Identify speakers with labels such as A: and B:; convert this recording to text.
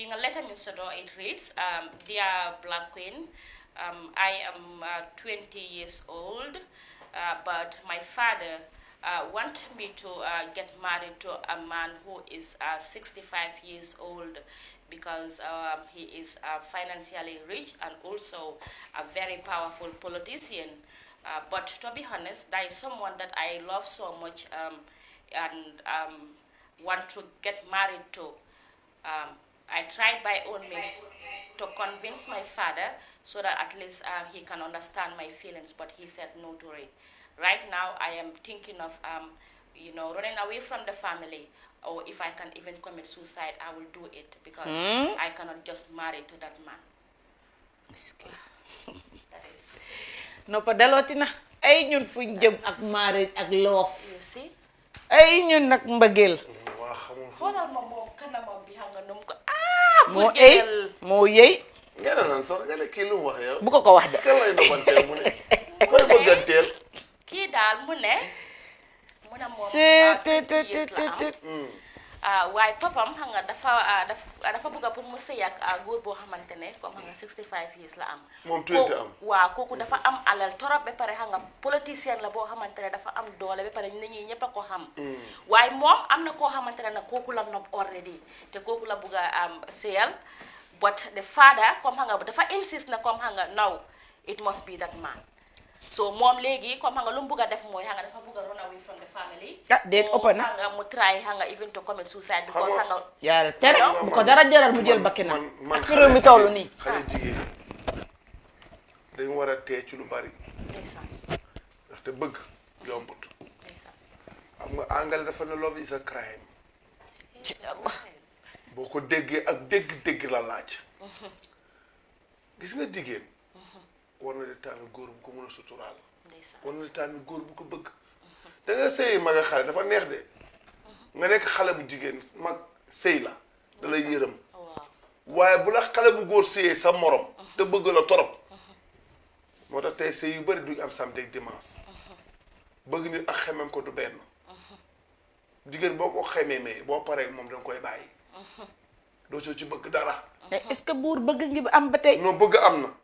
A: being a letter Minsador, it reads, um, Dear Black Queen, um, I am uh, 20 years old, uh, but my father uh, me to uh, get married to a man who is uh, 65 years old because um, he is uh, financially rich and also a very powerful politician. Uh, but to be honest, there is someone that I love so much um, and um, want to get married to. Um, I tried by all means to convince my father so that at least uh, he can understand my feelings, but he said no to it. Right now, I am thinking of, um, you know, running away from the family, or if I can even commit suicide, I will do it because mm? I cannot just marry to that man. No, Padalotina, Ay, ñun fuñ jëm ak marriage ak love. You see? Ay, ñun nak xoolal ma moom bi xam nga nu ko ah. moo ey
B: moo yey. nga ne naan kii lu wax yow. bu ko ko wax de. kan lay nobanteel mu ne. koy bëgganteel.
A: kii daal mu ne. mu ne moom. seet te Ah, waaye toppam xam nga dafa ah, ah, dafa dafa bëgg pour mu sëy ak góor boo xamante ne comme xam nga 65 years la am. moom tuuti am waaw kooku dafa mm-hmm. am alal torop ba pare xam nga politicien la boo xamante ne dafa am doole ba pare nit ñi ñëpp ko xam. Mm. waaye moom am na koo xamante ne nag kooku la nopp already te kooku la bëgg a sëyal but the father comme xam nga dafa insist na comme xam nga now it must be that man. so mom legi comme hanga lum buga def moy hanga dafa buga run away from the family ah ya, dead open na eh? hanga mu try hanga even to commit suicide because hanga
B: ya tere bu ko
A: dara jëral mu jël bakena ak rew mi tawlu ni xale jigé
B: dañ wara té ci lu bari ndaysan dafa te bëgg yombut ndaysan am nga angal dafa na love is a crime ci Allah boko déggé ak dégg dégg la laaj mm-hmm. gis nga war na di góor bu ko mën a suturaal. war na di tànn góor bëgg. da nga mag a xale dafa neex de. nga nekk xale bu jigéen mag sëy la dalay lay waaye bu la xale bu góor sëyee sa morom. te bëgg la torop. moo tax tey sëy yu bari duñ am samedi dimanche. bëgg nit ak xemem ko du benn. jigéen boo ko xememee boo paree moom danga koy bàyyi. doo soo ci bëgg dara.
A: Eh, est-ce que buur bëgg ngi am ba tey. non bëgg am na.